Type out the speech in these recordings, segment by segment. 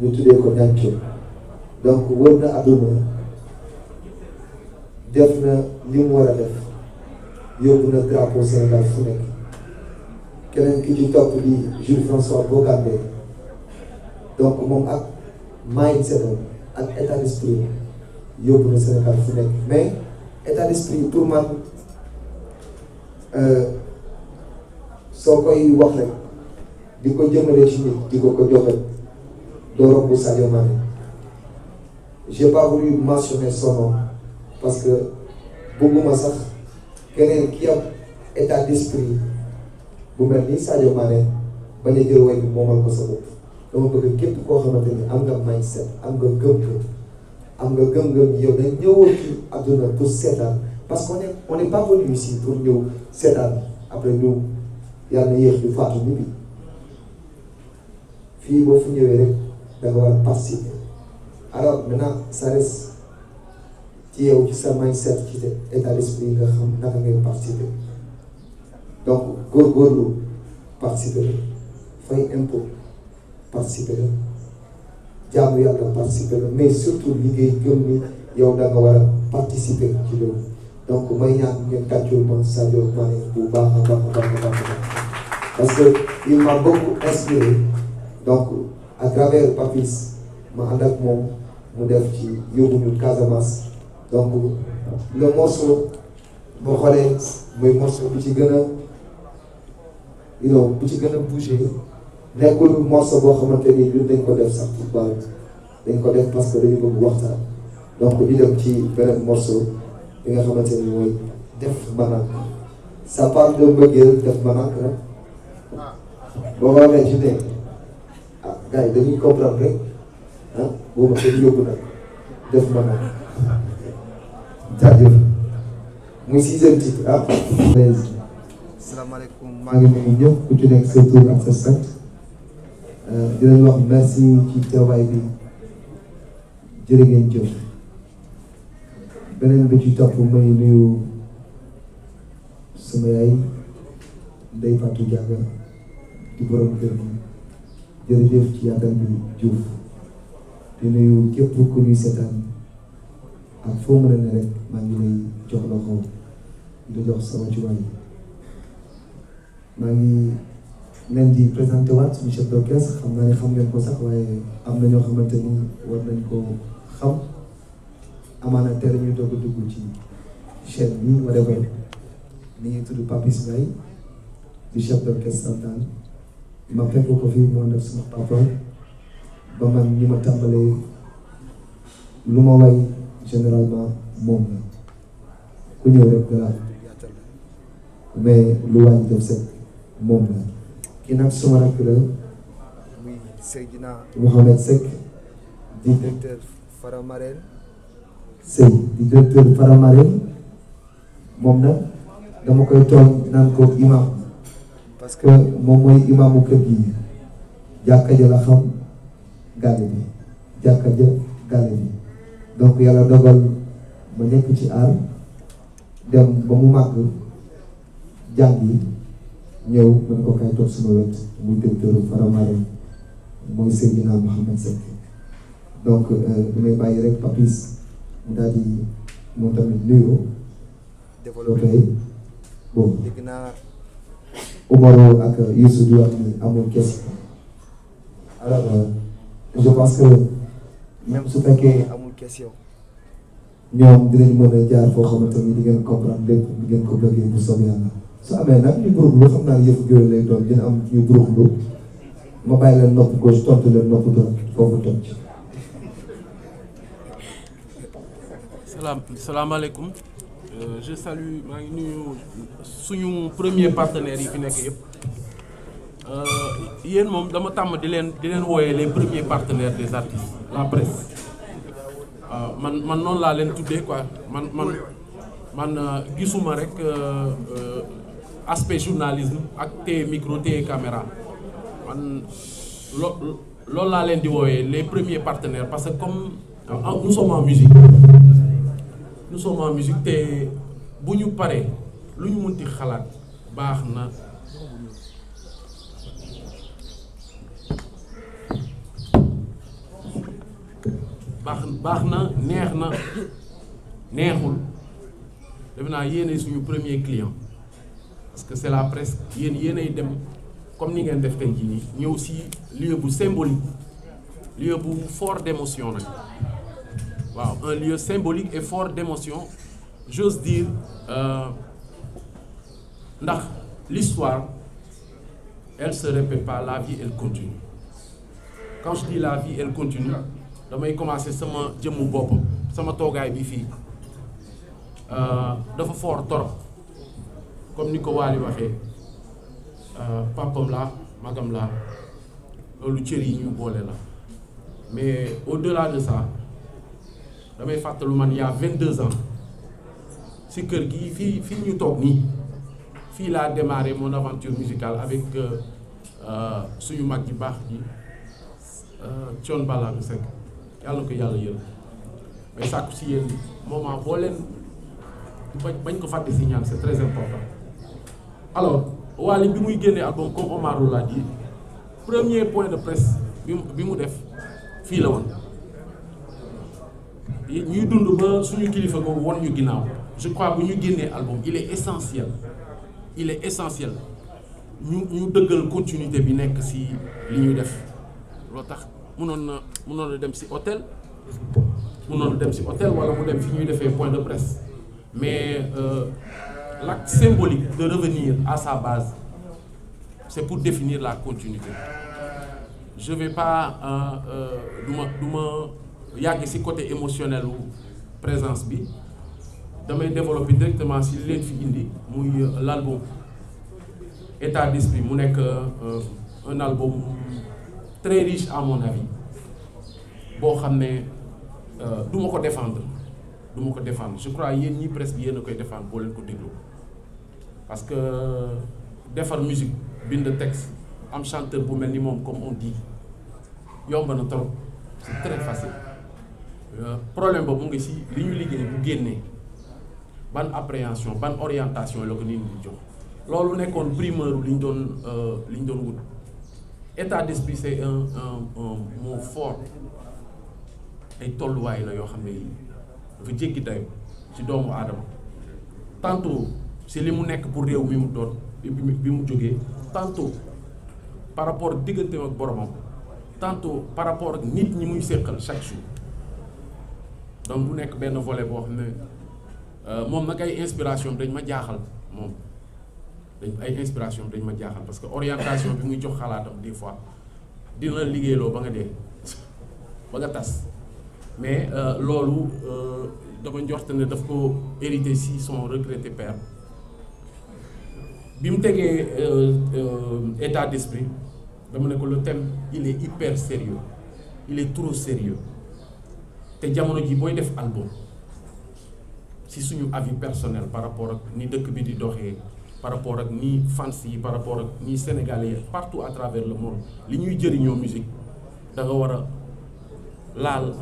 ñu tuddee ko Nankil donc wër na àdduna def na li mu war a def yóbbu na drapeau Sénégal fu nekk ki ci topp di Jules François Bocandé donc moom ak mindset ak état d'esprit yóbbu na Sénégal fu nekk mais état d'esprit pour man euh, soo koy wax rek di ko jëmale di ko ko joxe d'Orobo Saliomani. Je n'ai pas voulu mentionner son nom parce que beaucoup Massaf, quelqu'un qui a état d'esprit, bu mel ni Sadio Mané bañ a jël way bi moomal ko sa bopp dama bëgg képp koo xamante ni am nga mindset am nga gëm-gëm am nga gëm-gëm yow dañ ñëwoon ci àdduna pour seetaan parce que on est on est pas venu ici pour ñëw seetaan après ñu yàlla na yéex ñu faatu nit bi fii boo fu ñëwee rek. d'avoir participé alors maintenant ça reste ci yow ci sa mindset ci état d'esprit nga xam naka ngay participer donc góorgóorlu participer la fay impôt participer la jaamu yàlla participer la mais surtout liggéey gëm ni yow da nga war a participer ci loolu donc may ñaan ngeen tàccul ma Sadio Mané bu baax a baax a baax a baax parce que il m'a beaucoup inspiré donc. à travers Papis ma ànd moom mu def ci yóbbu ñu Casamance donc le la boo xoolee mooy morceau bu ci gën a yow bu ci gën a bougé nekkul morceau boo xamante ni ñun dañ ko def sax pour dañ ko def parce que dañu bëgg donc ñu dem ci beneen morceau bi nga ni mooy def maanaam sa part de mbëggeel def maanaam ah. boo xoolee gars yi dañuy comprendre rek ah boobu dañ def ma nag jaajëf muy sixième titre ah salaamaaleykum maa ngi nuyu ñëpp ku ci nekk sa tur ak sa sant euh, di leen wax merci ci teewaay bi jërë ngeen jëf beneen bi ci topp may nuyu sama yaay Ndeye Fatou Diagne di borom jërëjëf ci yàggal bi Diouf di nuyu képp ku ak foo mën a ne maa ngi lay jox loxo di jox sama ciwaay maa ngi leen di présenté waat suñu chef d'orchestre xam naa ne xam ngeen ko sax waaye am na ñoo xamante ni war nañ ko xam amaana teel ñu doog a dugg ci chaîne bi wala web mi ngi tudd Papis Mbaye di chef d'orchestre Santane ma fekk ko fii moo nekk sama papa ba man ñi ma tàmbalee lu ma way généralement moom la ku ñëw rek daal mais lu wàññi def set moom la kii nag sama rakk la Mouhamed Seck di directeur Faramaren Sey di directeur Faramaren moom nag dama koy tooñ naan ko imam parce que moom mooy imaamu kër gi jàkka ja la xam gàlle bi jàkka ja gàlle bi donc yàlla dogal ma nekk ci aar dem ba mu màgg jàng yi ñëw ko kay toog sama wet muy directeur Faramaren mooy Seydina Mouhamed Seck donc euh, damay bàyyi rek Papis mu daal di moom tamit nuyoo boobu Omaro ak euh, Youssou di wax ni amoon question alors euh, je pense que su fekkee amul question ñoom dinañ mën a jaar foo xamante ni di ngeen comprendre lépp di ngeen ko bëggee bu soobee yàlla su amee nag ñu buruxlu xam naa yëfu jooyu lay doon dina am ñu buruxlu ma bàyyi leen nopp gauche leen nopp droite foofu tontu salaam salaamaaleykum Euh, je salue maa ngi nuyu suñu premier partenaire yi fi nekk yëpp euh, yéen moom dama tàmm di leen di leen wooyee les premiers partenaires des artistes la presse euh, man man noonu laa leen tuddee quoi man man man gisuma rek aspect journalisme ak téye micro téye caméra man lo loolu laa leen di wooyee les premiers partenaires parce que comme nous sommes musique nous sommes en te bu ñu paree lu ñu mun munti xalaat baax na baax baax na neex na neexul defe naa yéenay suñu premier client parce que c'est la presse yéen yéenay dem comme ni ngeen def tey jii nii ñëw si lieu bu symbolique bu fort d'émotion nag waaw un lieu symbolique et fort d'émotion j'ose dire euh, ndax euh, l'histoire elle se répète pas la vie elle continue quand je dis la vie elle continue damay commencer sama jëmmu bopp sama toogaay bi fii euh, dafa foor torop comme ni ko Waly waxee euh, papam la magam la loolu cër yi ñu boole la mais au-delà de ça damay fàttalu man y'a vingt deux ans si kër gi fii fii ñu toog nii fii laa démarré mon aventure musicale avec euh, euh, suñu mag ji baax ji euh, Thione Ballago Seck yàlla ko yàlla yërëm mais sàkku si yéen moment boo leen bañ ko fàtte si ñaan c'est très important alors Wally bi muy génnee album comme Omarou laa dit premier point de presse bi mu def fii la woon ñuy dund ba suñu kilifa ko won ñu ginnaaw je crois bu ñu génnee album il est essentiel il est essentiel ñu ñu dëggal continuité bi nekk si li ñuy def loo tax mënoon na mënoon na dem si hôtel mënoon na dem ci hôtel walla mu dem fi ñuy defee point de presse mais euh, l'acte symbolique de revenir à sa base c'est pour définir la continuité je vais pas euh, euh, duma duma yàgg si côté émotionnel présence bi damay développer directement si leen fi indi muy euh, l'album état bi mu nekk euh, un album très riche à mon avis boo xam ne euh, du ma ko défendre du ko défendre je crois yéen ñi presque bi yéen a koy défendre boo leen ko déglu parce que defar musique bind texte am chanteur bu mel ni moom comme on dit yomb na trop c'est très facile Euh, problème ba mu ngi si li ñu liggéey bu génnee ban appréhension ban orientation la ko nit ñi jox loolu nekkoon primeur li ñu doon euh, li ñu doon wut état d'esprit c'est un un un mot fort ay tolluwaay la yoo xam ne yii dafa jéggi dayo ci doomu aadama tantôt si li mu nekk pour réew mi mu doon bi mu jógee tantu par rapport digganteem ak boromam tantu par rapport ak nit ñi muy séqal chaque jour donc bu nekk benn volet boo xam ne euh, moom nag ay inspiration dañ ma jaaxal moom dañ ay inspiration dañ ma jaaxal parce que orientation bi muy jox xalaatam des fois dina liggéeyloo ba nga dee ba nga tas mais euh, loolu euh, dama njort ne daf ko hérité si son regretté père bi mu tegee état d'esprit dama ne ko le thème il est hyper sérieux il est trop sérieux te jamono ji booy def album si suñu avis personnel par rapport ak ni dëkk bi di doxee par rapport ak ni fans yi par rapport ak ni sénégalais yi partout à travers le monde li ñuy jëriñoo musique da nga war a laal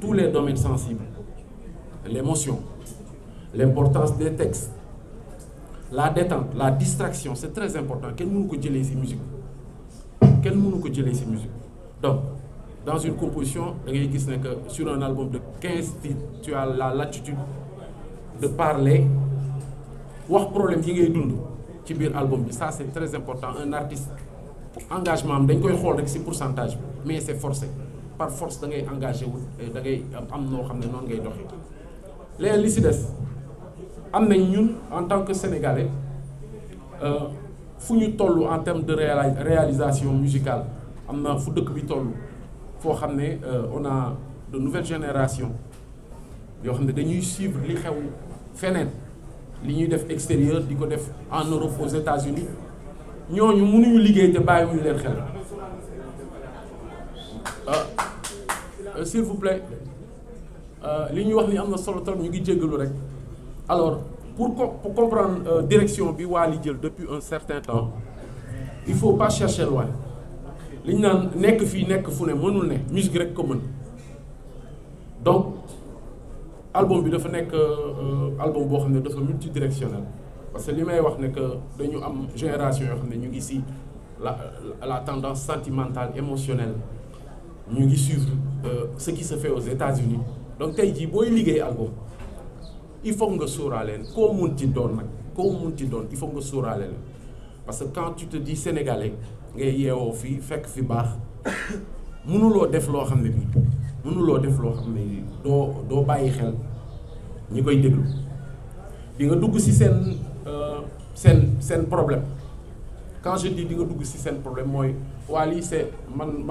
tous les domaines sensibles l'émotion l'importance des textes la détente la distraction c'est très important kenn mënu ko jëlee ci musique kenn mënu ko jëlee ci musique donc dans une composition da ngay gis ne que sur un album de quinze titres tu as la latitude de parler wax problème yi ngay dund ci biir album bi ça c'est très important un artiste engagement am dañ koy xool rek ci pourcentage bi mais c'est forcé par force da ngay engagé wu da ngay am noo xam ne noonu ngay doxee léegi li si des am nañ ñun en tant que sénégalais euh, fu ñu toll en terme de réalisation musicale am na fu dëkk bi toll. foo xam ne euh, on na de nouvelle génération yoo xam ne dañuy suivre li xew feneen li ñuy def extérieur di ko def en Europe aux États-Unis ñooñu mënuñu liggéey te bàyyiwuñu leen xel ah euh, s'il euh, li ñuy wax ni am na solo trop ñu ngi jéggalu rek alors pour pour comprendre direction bi waa li jël depuis un certain temps il faut pas chercher loin. li ñu naan nekk fii nekk fu ne mënul ne musique rek ko mën donc album bi dafa nekk euh, album boo xam ne dafa multidirectionnel parce que li may wax ne que dañu am génération yoo xam ne ñu ngi si la la tendance sentimentale émotionnelle ñu ngi suivre euh, ce qui se fait aux États-Unis donc tey jii booy liggéey album il faut nga sóoraaleen koo mun ci doon nag koo mun ci doon il faut nga sóoraale parce que quand di te ngay yeewoo fii fekk fi baax mënuloo def loo xam ne bi mënuloo def loo xam ne bi doo doo bàyyi xel ñi koy déglu bi nga dugg si seen euh, seen seen problème quand je dis di nga dugg si seen problème mooy waa lii c'est man.